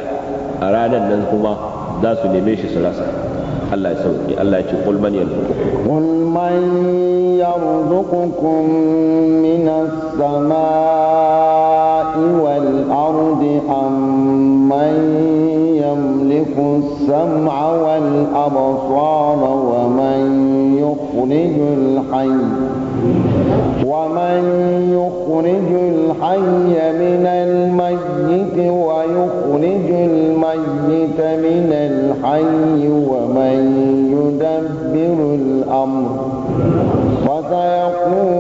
a ranar nan kuma za su neme shi su rasa Allah ya sauki Allah ya ce qul man yarzuqukum qul man yarzuqukum minas samaa'i wal ardi amman yamliku as-sam'a wal absara wa man yukhrijul hayy ومن يخرج الحي من الميت الميت ويخرج الميت من الحي ومن يدبر الأمر فسيقول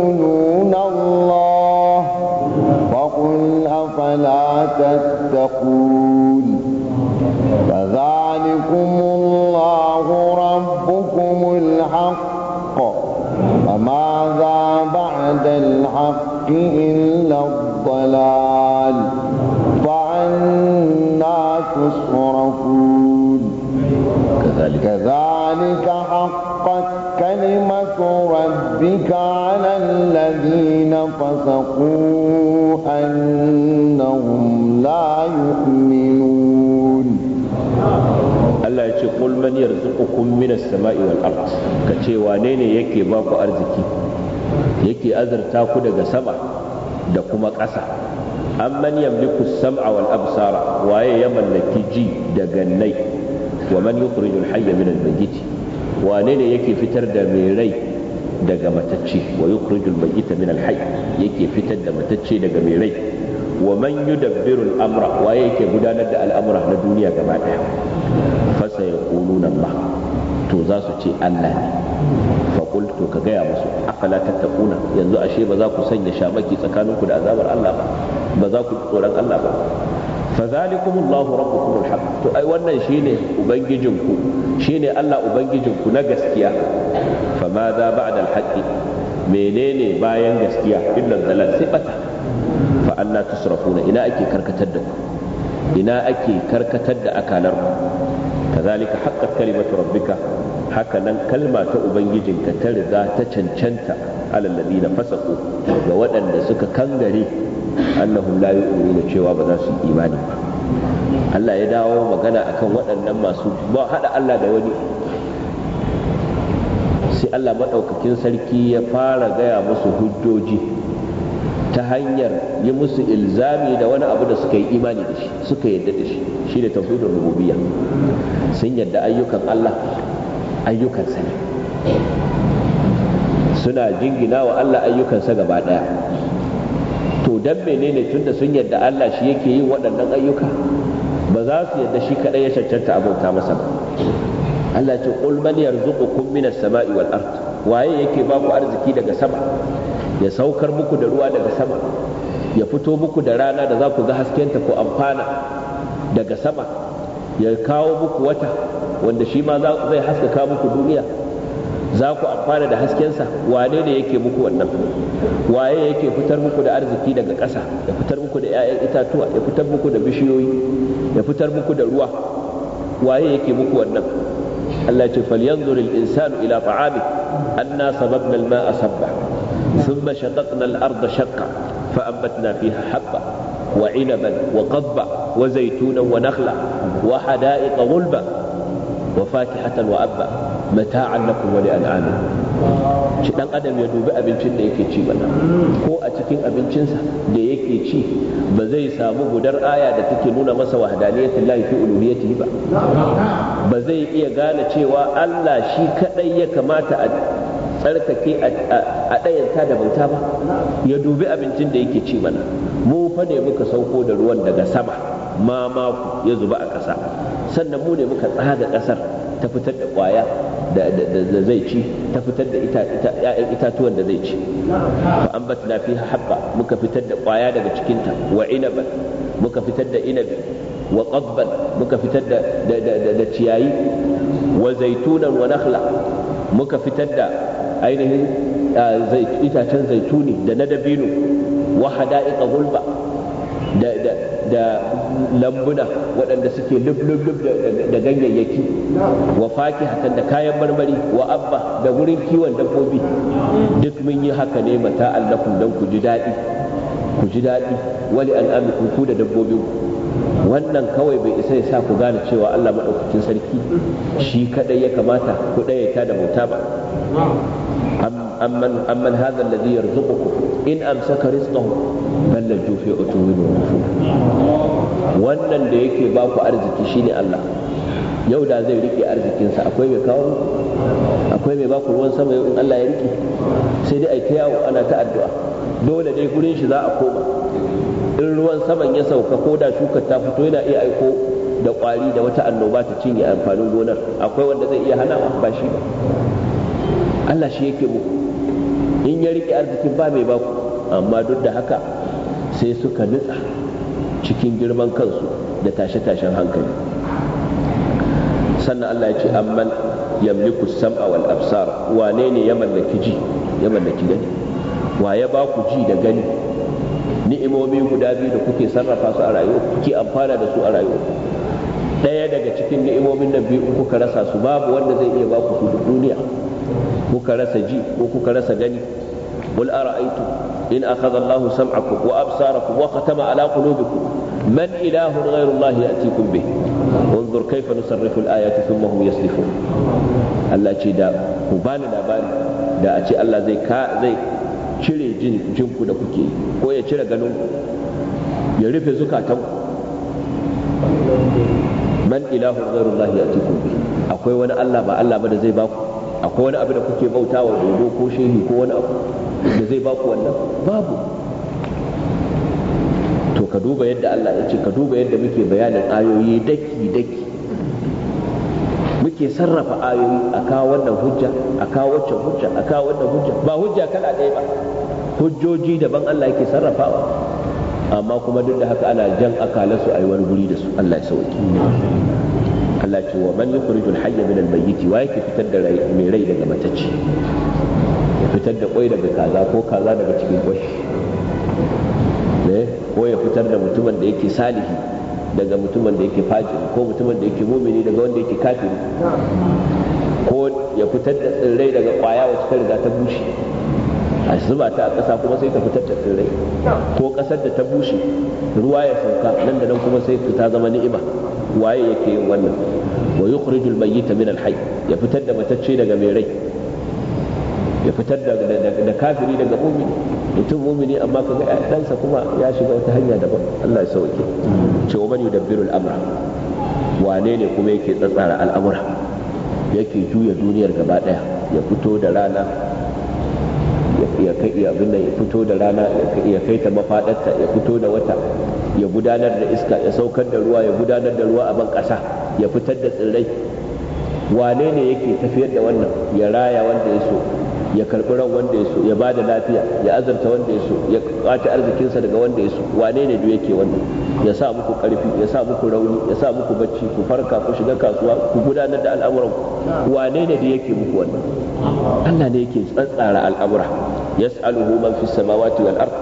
sama'i wal ard ka ce wane ne yake ba ku arziki yake azurta ku daga sama da kuma ƙasa an amman yamliku sam'a wal absara waye ya mallaki ji da gannai wa man yukhriju al hayya min al mayyit wane ne yake fitar da mai rai daga matacce wa yukhriju al mayyita min al hayy yake fitar da matacce daga mai rai wa man yudabbiru al amra waye yake gudanar da al'amura na duniya gaba daya fa sayaquluna Allah to za su ce Allah ne faƙul to ka gaya musu afala tattaquna yanzu ashe ba za ku sanya shamaki tsakaninku da azabar Allah ba ba za ku tsoron Allah ba fadhalikum Allahu rabbukum alhaq to ai wannan shine ubangijinku shine Allah ubangijinku na gaskiya fa ma za ba'da alhaqi menene bayan gaskiya illa dalal sai bata fa anna tusrafuna ina ake karkatar da ku ina ake karkatar da akalar ku kazalika haqqat kalimatu rabbika haka nan kalma ta ubangijinka ta riga ta cancanta alal ladina fasaqu ga waɗanda suka kangare annahum la yu'minuna cewa ba za su yi imani ba Allah ya dawo magana akan waɗannan masu ba hada Allah da wani sai Allah maɗaukakin sarki ya fara gaya musu hujjoji ta hanyar yi musu ilzami da wani abu da suka yi imani da shi suka yadda da shi shi ne tafidin rububiyya sun yadda ayyukan Allah ayyukan ne suna jingina wa Allah ayyukansa gaba daya to dan menene tunda sun yadda Allah shi yake yin waɗannan ayyuka ba za su yadda shi kadai ya cancanta abota masa ba Allah ce qul man yarzuqukum minas sama'i wal ard waye yake ba ku arziki daga sama ya saukar muku da ruwa daga sama ya fito muku da rana da za ku ga haskenta ku amfana daga sama ya kawo muku wata wanda shi ma zai haskaka muku duniya za ku amfana da haskensa wane ne yake muku wannan waye yake fitar muku da arziki daga ƙasa ya fitar muku da 'ya'yan itatuwa ya fitar muku da bishiyoyi ya fitar muku da ruwa waye yake muku wannan Allah ce falyanzuril insanu ila ta'ami anna sababna al-ma'a sabba ثم شققنا الأرض شقا فأنبتنا فيها حبا وعنبا وقضبا وزيتونا ونخلا وحدائق غلبا وفاكهة وأبا متاعا لكم ولأنعامكم dan adam ya dubi abincin da yake ci bana ko a cikin abincinsa da yake ci ba zai samu gudar aya da take nuna masa wahdaniyatin lahi fi uluhiyatihi ba ba zai iya gane cewa Allah shi kadai ya kamata a tsarkake a ɗayanta da bauta ba ya dubi abincin da yake ci mana mu fa ne muka sauko da ruwan daga sama ma maku ya zuba a ƙasa sannan mu ne muka tsaga ƙasar ta fitar da ƙwaya da zai ci ta fitar da ‘ya'yan itatuwan da zai ci fa an batna fiha muka fitar da ƙwaya daga cikinta wa inaban muka fitar da inabi wa qadban muka fitar da ciyayi wa zaitunan wa nakhla muka fitar da ainihin itacen zaituni da na dabino wa hada'iqa gulba da lambuna waɗanda suke lub-lub da ganyayyaki wa fakihatan da kayan marmari wa abba da wurin kiwon dabbobi duk mun yi haka ne mata allakum dan ku ji daɗi ku ji daɗi wali al'amikum ku da dabbobinku wannan kawai bai isa ya sa ku gane cewa Allah maɗaukakin sarki shi kadai ya kamata ku ɗaya da bauta ba amman amman hadha alladhi yarzuqukum in amsaka rizqahu bal la jufi utuwin wannan da yake ba ku arziki shine Allah yau da zai rike arzikinsa akwai mai kawo akwai mai baku ruwan sama in Allah ya rike sai dai ai ta yawo ana ta addu'a dole dai gurin shi za a koma in ruwan saman ya sauka ko da shuka ta fito yana iya aiko da kwari da wata annoba ta cinye amfanin gonar akwai wanda zai iya hana ba shi ba Allah shi yake muku in ya rike arzikin ba mai baku amma duk da haka sai suka nutsa cikin girman kansu da tashe-tashen hankali sannan Allah ya ce amman yamliku sam'a wal absar wane ne ya mallaki ji ya mallaki gani wa ya baku ji da gani ni'imomi guda biyu da kuke sarrafa su a rayuwa kuke amfana da su a rayuwa ɗaya daga cikin ni'imomin nan biyu kuka rasa su babu wanda zai iya baku su duk duniya kuka rasa ji ko kuka rasa gani qul ara'aytum in akhadha Allahu sam'akum wa absarakum wa khatama ala qulubikum من إله غير الله يأتيكم به انظر كيف نصرف الآيات ثم هم يصرفون Allah ce da ku bani labari da a ce Allah zai cire jin jinku da kuke ko ya cire ganin ya rufe zukatan man ilahu ghairullah yatiku bi akwai wani Allah ba Allah ba da zai baku akwai wani abu da kuke bautawa dodo ko shehi ko wani abu da zai baku wannan babu to ka duba yadda Allah ya ce ka duba yadda muke bayanin ayoyi daki daki suke sarrafa ayoyi a kawo wannan hujja a kawo waccan hujja a kawo wannan hujja ba hujja kala ɗaya ba hujjoji daban Allah yake sarrafawa amma kuma duk da haka ana jan akalansu a yi wani guri da su Allah ya sauki Allah ce wa man yukhrij al hayy min al-mayyit wa yake fitar da rai mai rai daga matacce ya fitar da kwai daga kaza ko kaza daga cikin kwai ne eh, ko ya fitar da mutumin da yake salihi daga mutumin da yake fajin ko mutumin da yake mumini daga wanda yake kafin ko ya fitar da tsirrai daga kwaya wacce ta riga ta bushe a zuba ta a ƙasa kuma sai ta fitar da tsirrai ko ƙasar da ta bushe ruwa ya sauka nan da nan kuma sai ta zama ni'ima waye yake yin wannan wa yukhrijul mayyita min al ya fitar da matacce daga mai rai ya fitar da kafiri daga mumini mutum mumini amma kaga ɗansa kuma ya shiga wata hanya daban Allah ya sauke ce wa bani yudabbiru al'amra wane ne kuma yake tsatsara al'amura yake juya duniyar gaba daya ya fito da rana ya kai iya abin ya fito da rana ya kai ta mafadarta ya fito da wata ya gudanar da iska ya saukar da ruwa ya gudanar da ruwa a ban ƙasa ya fitar da tsirrai wane ne yake tafiyar da wannan ya raya wanda ya so ya karbi ran wanda ya so ya bada lafiya ya azurta wanda ya so ya kwace arzikinsa daga wanda ya so wane ne duk yake wannan ya sa muku karfi ya sa muku rauni ya sa muku bacci ku farka ku shiga kasuwa ku gudanar da al'amuran ku wane ne duk yake muku wannan Allah ne yake tsantsara al'amura yas'aluhu man fis samawati wal ard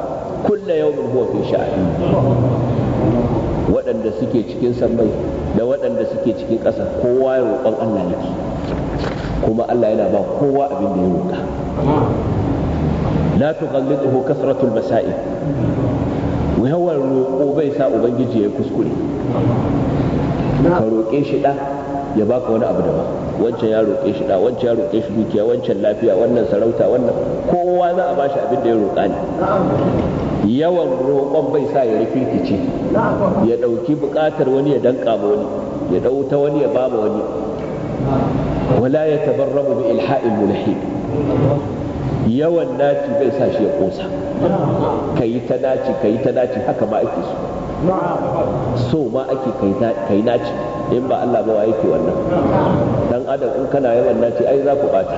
kullu yawmin huwa fi sha'an waɗanda suke cikin sammai da waɗanda suke cikin ƙasa kowa ya roƙon Allah yake kuma Allah yana ba kowa abin da ya roƙa la tughallidhu kasratul masail yawan roƙo bai sa ubangiji ya kuskure ka roƙe shi da ya baka wani abu daban wancan ya roƙe shi da wancan ya roƙe shi dukiya wancan lafiya wannan sarauta wannan kowa za a bashi abin da ya roƙa ne yawan roƙon bai sa ya rikirkice ya ɗauki buƙatar wani ya danƙa wani ya ɗau ta wani ya ba wani wala ya tabarrabu bi ilha'il mulhid yawan naci bai sa shi ya kosa yi ta naci yi ta naci haka ma ake so so ma ake kai naci in ba Allah ba wa yake wannan dan adam in kana yawan naci ai za ku bata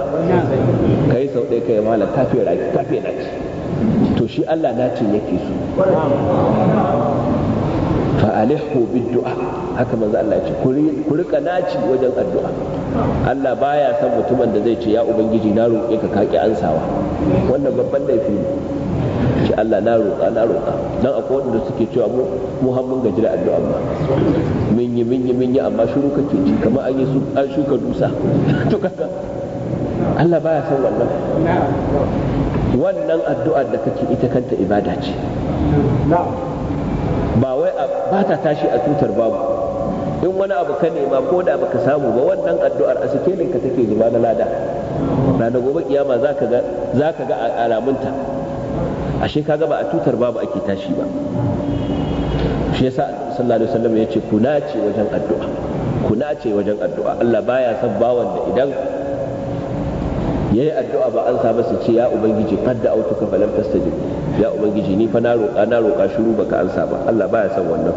Ka yi sau ɗaya ka kai malam kafe raki kafe naci to shi Allah nacin yake so bid biddu'a haka manzo Allah ya ce ku rika naci wajen addu'a Allah baya san mutumin da zai ce ya ubangiji na roƙe ka kaki ansawa wannan babban laifi ne ce Allah na roƙa na roƙa dan akwai wanda suke cewa mu mu har mun gaji da addu'a ba mun yi mun yi mun yi amma shiru kake ji kamar an yi su an shuka dusa [LAUGHS] to kaga Allah baya san wannan wannan addu'ar da kake ita kanta ibada ce na'am ba ta tashi a tutar babu in wani abu ka nema ko da baka samu ba wannan addu'ar a sikelin ka take zuba na lada ranar gobe kiyama za ka ga alamunta ashe ka ga ba a tutar babu ake tashi ba shi yasa sallallahu alaihi wasallam ya ce kuna ce wajen addu'a kuna ce wajen addu'a Allah baya son bawan da idan yayi addu'a ba an ba su ce ya ubangiji fadda autuka falam tastajib ya ubangiji ni fa na roƙa na roƙa shiru baka ansa ba Allah baya son wannan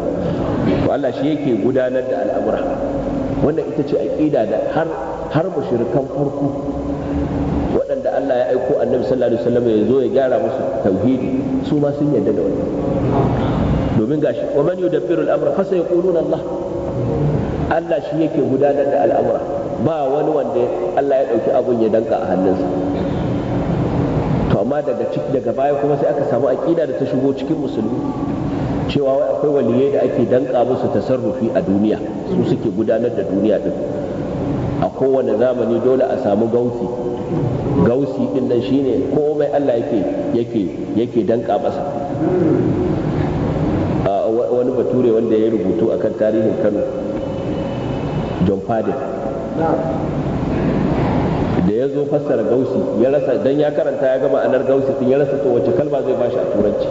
to Allah shi yake gudanar da al'amura wannan ita ce aqida da har har mushrikan farko waɗanda Allah ya aiko annabi sallallahu alaihi wasallam ya zo ya gyara musu tauhidi su ma sun yarda da wannan domin gashi wa man yudabbiru al-amra fa sayquluna Allah Allah shi yake gudanar da al'amura ba wani wanda Allah ya ɗauki abun ya danka a hannunsa to amma daga daga baya kuma sai aka samu aƙida da ta shigo cikin musulmi cewa wai akwai waliyai da ake danka musu tasarrufi a duniya su suke gudanar da duniya din a kowane zamani dole a samu gausi gausi din nan shine komai Allah yake yake yake danka masa wani bature wanda ya rubutu akan tarihin Kano John Padden da ya zo fassara gausi ya rasa dan ya karanta ya gama anar gausi tun ya rasa to wace kalma zai bashi a turanci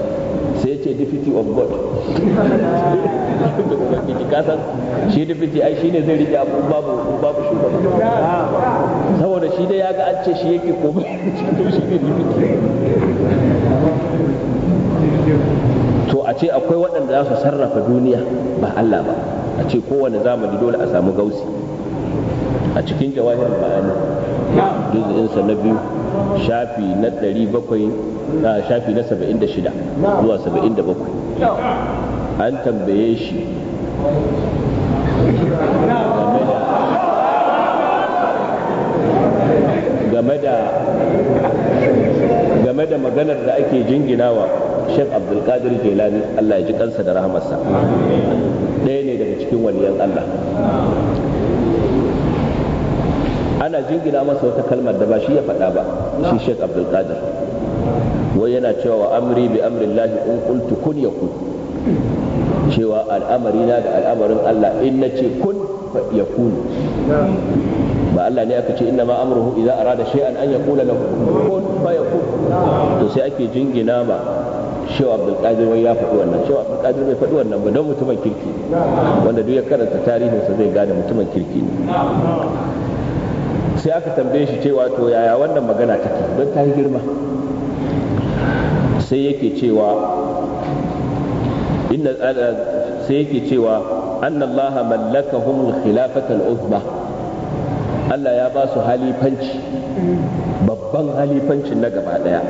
sai ce deputy of god [LAUGHS] kasan shi deputy ai shine zai rike abu babu babu ba saboda shi dai ya ga an ce shi yake komai shi ne deputy to a ce akwai waɗanda za su sarrafa duniya ba Allah ba a ce kowane zamani dole a samu gausi a cikin jawahir bayani insa na biyu shafi na 700 na shafi na 76 zuwa 77 an tambaye shi game da game da maganar da ake jinginawa Sheikh Qadir Jilani, Allah ya ji kansa da rahamarsa ɗaya ne daga cikin waliyan Allah ana jingina masa wata kalmar da ba shi ya faɗa ba shi Sheikh Abdul Qadir wai yana cewa wa amri bi amrillahi in qultu kun yakun cewa al'amari na da al'amarin Allah in na ce kun yakun ba Allah ne aka ce inna ma amruhu idza arada shay'an an yaqula lahu kun fayakun to sai ake jingina ba shewa abdul qadir wai ya faɗi wannan shewa abdul qadir bai faɗi wannan ba don mutumin kirki wanda duk ya karanta tarihinsa zai gane mutumin kirki ne sai aka tambaye shi cewa to yaya wannan magana take don ta girma sai yake cewa inna eh, sai yake cewa anna Allah mallakahum al-khilafata al-uzma Allah ya ba su halifanci babban halifancin na gaba daya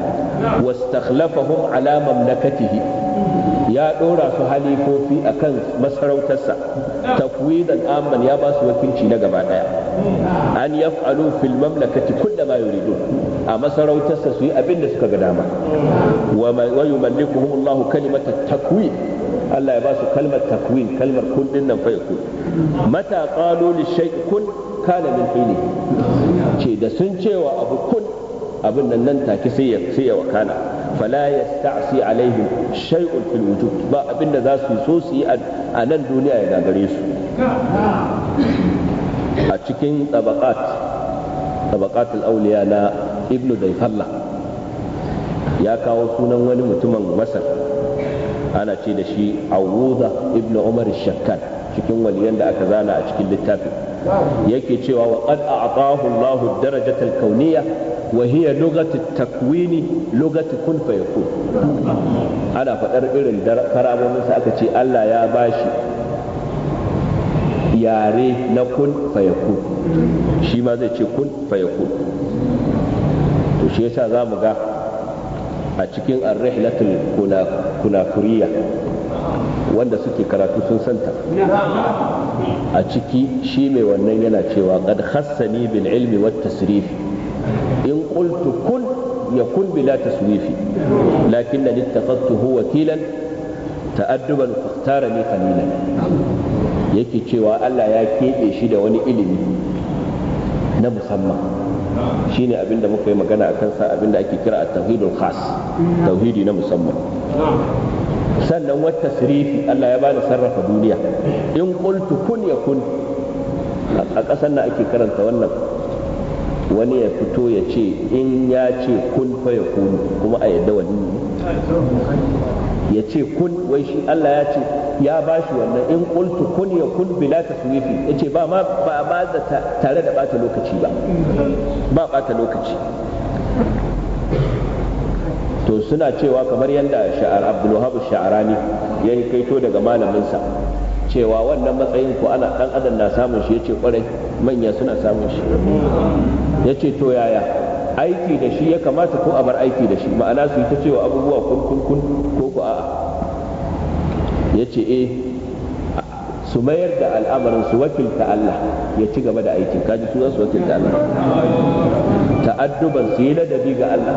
wastakhlafahum ala mamlakatihi ya ɗora su halifofi a kan masarautarsa tafwidan amman ya ba su wakilci na gaba ɗaya an yaf'alu fil mamlakati kulla ma yuridu a masarautarsa su yi abin da suka ga dama wa yumallikuhum Allahu kalimatat takwin Allah ya ba su kalmar takwin kalmar kundin din nan fa yakun mata qalu li kana min ce da sun cewa abu kun abin nan nan take sai ya sai ya wakana fala yasta'si alaihim shay'un fil wujud ba abin da za su so su yi a nan duniya ya gagare su a cikin tabaqat tabaqat al-awliya na ibnu dayfalla ya kawo sunan wani mutumin masar ana ce da shi awuza ibnu umar shakkar cikin waliyan da aka zana a cikin littafin yake cewa wa qad a'tahu Allahu darajata al kawniyah wa hiya lughatu takwini lughatu kun fayakun ana fadar irin karamomin sa aka ce Allah ya bashi yare na kun fayakun shi ma zai ce kun fayakun to shi yasa zamu ga a cikin ar-rihlatul kunafuriya wanda suke karatu sun santa a ciki shi mai wannan yana cewa qad hassani bil ilmi wat tasrifi in qultu kun yakun bila lakin lakinnani ittakhadtuhu wakilan ta'adduban fakhtarani qalilan yake cewa Allah ya keɓe shi da wani ilimi na musamman shine abinda muka yi magana a abin abinda ake kira a tauhidul khas tauhidi na musamman sannan wata sirifi Allah ya bada sarrafa duniya in qultu kun ya kun a ƙasar na ake karanta wannan wani ya fito ya ce in ya ce kun fa ya kun kuma a yadda wani ya ce kun wai shi Allah ya ce ya ba shi wannan in qultu kun ya kun bila ya ce ba ma ba ba tare da bata lokaci ba ba bata lokaci to suna cewa kamar yadda sha'ar abdulwahab sha'arani ya yi kaito daga malaminsa cewa wannan matsayin ko ana dan adam na samun shi yace kwarai manya suna samun shi yace to yaya aiki da shi ya kamata ko a bar aiki da shi ma'ana su yi ta cewa abubuwa kun kun kun ko ku a'a yace eh su mayar da al'amarin su wakilta Allah ya ci gaba da aikin kaji su za su wakilta Allah ta'adduban su yi ladabi ga Allah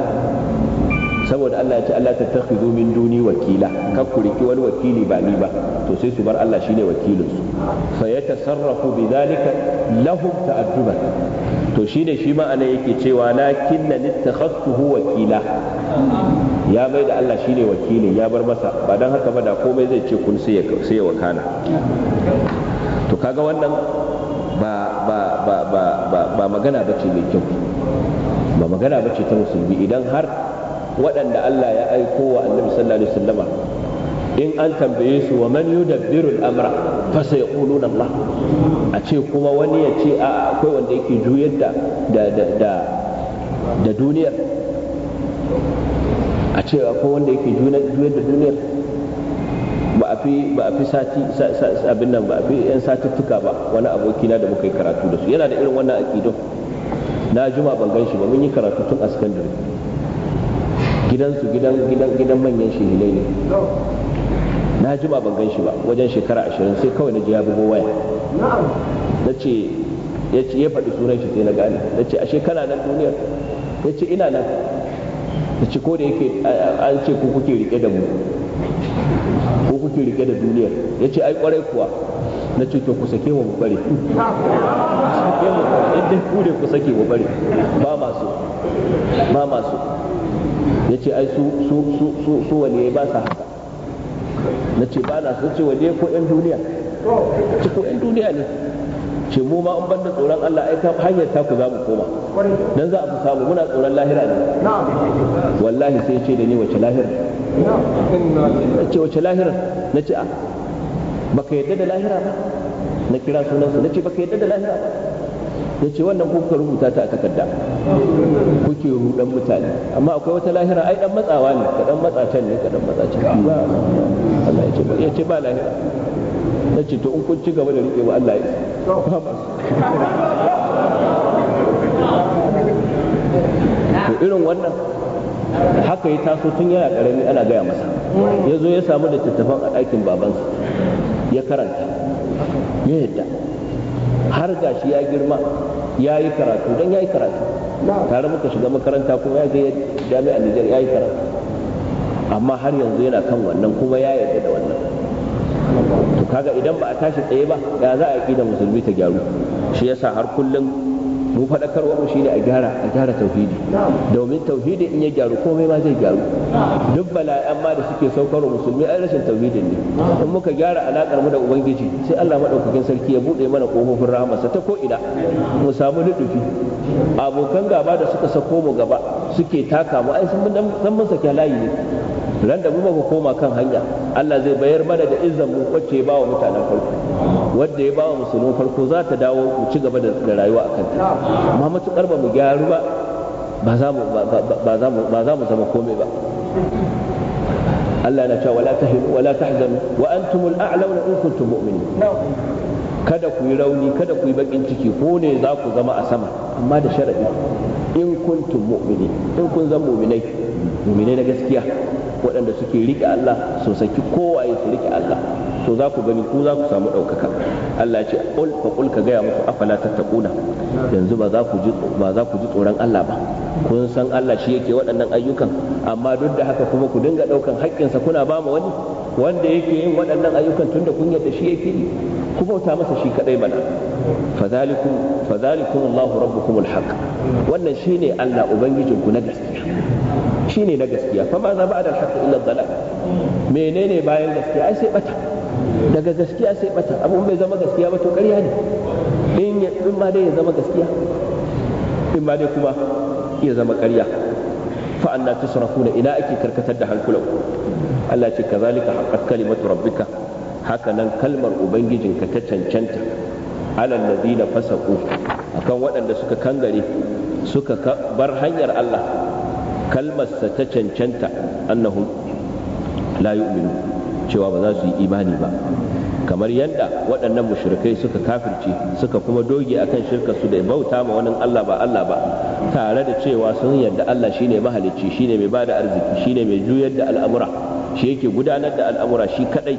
saboda Allah ya ce Allah ta takhizu min duni wakila Ka ku riki wani wakili ba ni ba to sai su bar Allah shine wakilin su fa ya tasarrafu bidhalika lahum ta'adduban to shine shi ma anan yake cewa lakin littakhasuhu wakila ya bai da Allah shine wakilin ya bar masa ba dan haka ba da komai zai ce kun sai ya wakala to kaga wannan ba ba ba ba ba magana bace mai kyau ba magana bace ta musulmi idan har waɗanda Allah ya aiko wa annabi sallallahu alaihi wasallam in an tambaye su wa man yudabbiru al-amra fa sayquluna Allah a ce kuma wani ya ce a akwai wanda yake juyar da da da da duniyar a ce akwai wanda yake juyar da duniyar ba a fi ba a fi sati abin nan ba a fi yan satuttuka ba wani abokina da muka yi karatu da su yana da irin wannan aqidun na juma ban gan shi ba mun yi karatu tun a sakandare gidansu gidan gidan gidan manyan shehilai ne na jima ban gan shi ba wajen shekara ashirin sai kawai na ji ya bugo waya na ce ya ce ya faɗi sunan shi sai na gane na ce ashe kana nan duniyar ya ce ina nan ya ce ko da yake an ce ku kuke rike da mu ko kuke rike da duniyar ya ce ai kwarai kuwa na ce to ku sake mu bare [LAUGHS] sake mu bare idan ku ne ku sake mu bare ba masu ba masu ya ce ai su su su su su ya ba sa haka na ce ba na su ce wani ko yan duniya ce ko yan duniya ne ce mu ma in banda tsoron Allah ai ta hanyar ta ku za mu koma dan za a fi samu muna tsoron lahira ne wallahi sai ce da ni wace lahira na ce wace lahira na ce a ah, baka yadda da lahira ba na kira sunansa na ce baka yadda da lahira ba ya ce wannan ko kuka rubuta ta a takarda kuke rudan mutane amma akwai wata lahira ai dan matsawa ne ka dan matsa can ne ka dan matsa can ba Allah ya ce ba ya ce ba lahira ta ce to in kun ci gaba da rike wa Allah ya ba masu to irin wannan haka ya taso tun yana karami ana gaya masa ya zo ya samu da tattafan a ɗakin babansa ya karanta ya yadda har gashi ya girma ya yi karatu don ya yi karatu tare muka shiga makaranta kuma ya je jami'a Nijar ya yi karatu amma har yanzu yana kan wannan kuma ya yarda da wannan to kaga idan ba a tashi tsaye ba ya za a yi da musulmi ta gyaru shi yasa har kullum mu faɗakarwa mu shine a gyara a gyara tauhidi domin tauhidi in ya gyaru komai ma zai gyaru duk bala'an ma da suke saukarwa musulmi a rashin tauhidin ne in muka gyara alakar mu da ubangiji sai Allah madaukakin sarki ya bude mana kofofin rahamarsa ta ko ina mu samu nudufi abokan gaba da suka sako mu gaba suke taka mu ai sun mun sake layi ne ran da mu koma kan hanya Allah zai bayar mana da izzan mu kwace ba wa mutanen farko wadda ya bawa musulmin farko za ta dawo mu ci gaba da rayuwa a ta amma matukar ba mu gyaru ba ba za mu zama komai ba Allah na cewa wala tahinu wala tahzanu wa antumul a'launa in kuntum mu'minin kada ku yi rauni kada ku yi bakin ciki ko ne za ku zama a sama amma da sharadi in kuntum mu'mini in kun zama mu'minai mu'minai na gaskiya waɗanda suke riƙe Allah su saki kowaye su riƙe Allah to za ku gani ku za ku samu ɗaukaka Allah ce qul fa ka gaya muku afala tattaquna yanzu ba za ku ji ba za ku ji tsoron Allah ba kun san Allah shi yake waɗannan ayyukan amma duk da haka kuma ku dinga ɗaukan sa kuna ba wani wanda yake yin waɗannan ayyukan tunda kun yadda shi yake yi ku bauta masa shi kadai mana fadhalikum fadhalikum Allahu rabbukum alhaq wannan shine Allah ubangijinku na gaskiya ne na gaskiya fa ma za ba da alhaqqa illa dhalal menene bayan gaskiya ai sai bata daga gaskiya sai bata abun bai zama gaskiya ba to ƙarya ne in in ma dai ya zama gaskiya in ma dai kuma ya zama ƙarya fa anna tusrafuna ina ake karkatar da hankulan Allah ce kazalika haqqat kalimatu rabbika haka nan kalmar ubangijinka ta cancanta alal ladina fasaqu akan waɗanda suka kangare suka bar hanyar Allah kalmar sa ta cancanta annahum la yu'minu cewa ba za su yi imani ba kamar yadda waɗannan mushrikai suka kafirce suka kuma doge akan shirka su da bauta ma wani Allah ba Allah ba tare da cewa sun yarda Allah shine mahalicci shine mai bada arziki shine mai juyar da al'amura shi yake gudanar da al'amura shi kadai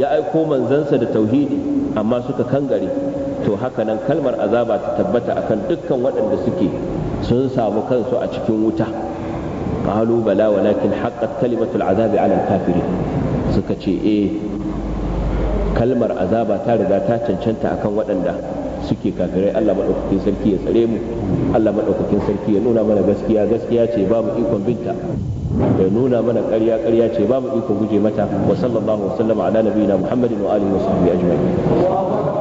ya aiko manzansa da tauhidi amma suka kangare to haka nan kalmar azaba ta tabbata akan dukkan waɗanda suke sun samu kansu a cikin wuta qalu bala walakin haqqat kalimatul azabi ala kafiri suka ce eh kalmar azaba ta riga ta cancanta akan waɗanda suke kafirai Allah maɗaukakin sarki ya tsare mu Allah maɗaukakin sarki ya nuna mana gaskiya gaskiya ce babu ikon binta ya nuna mana ƙarya ƙarya ce babu ikon guje mata wa sallallahu wasallama ala nabiyina muhammadin wa alihi wa sahbihi ajma'in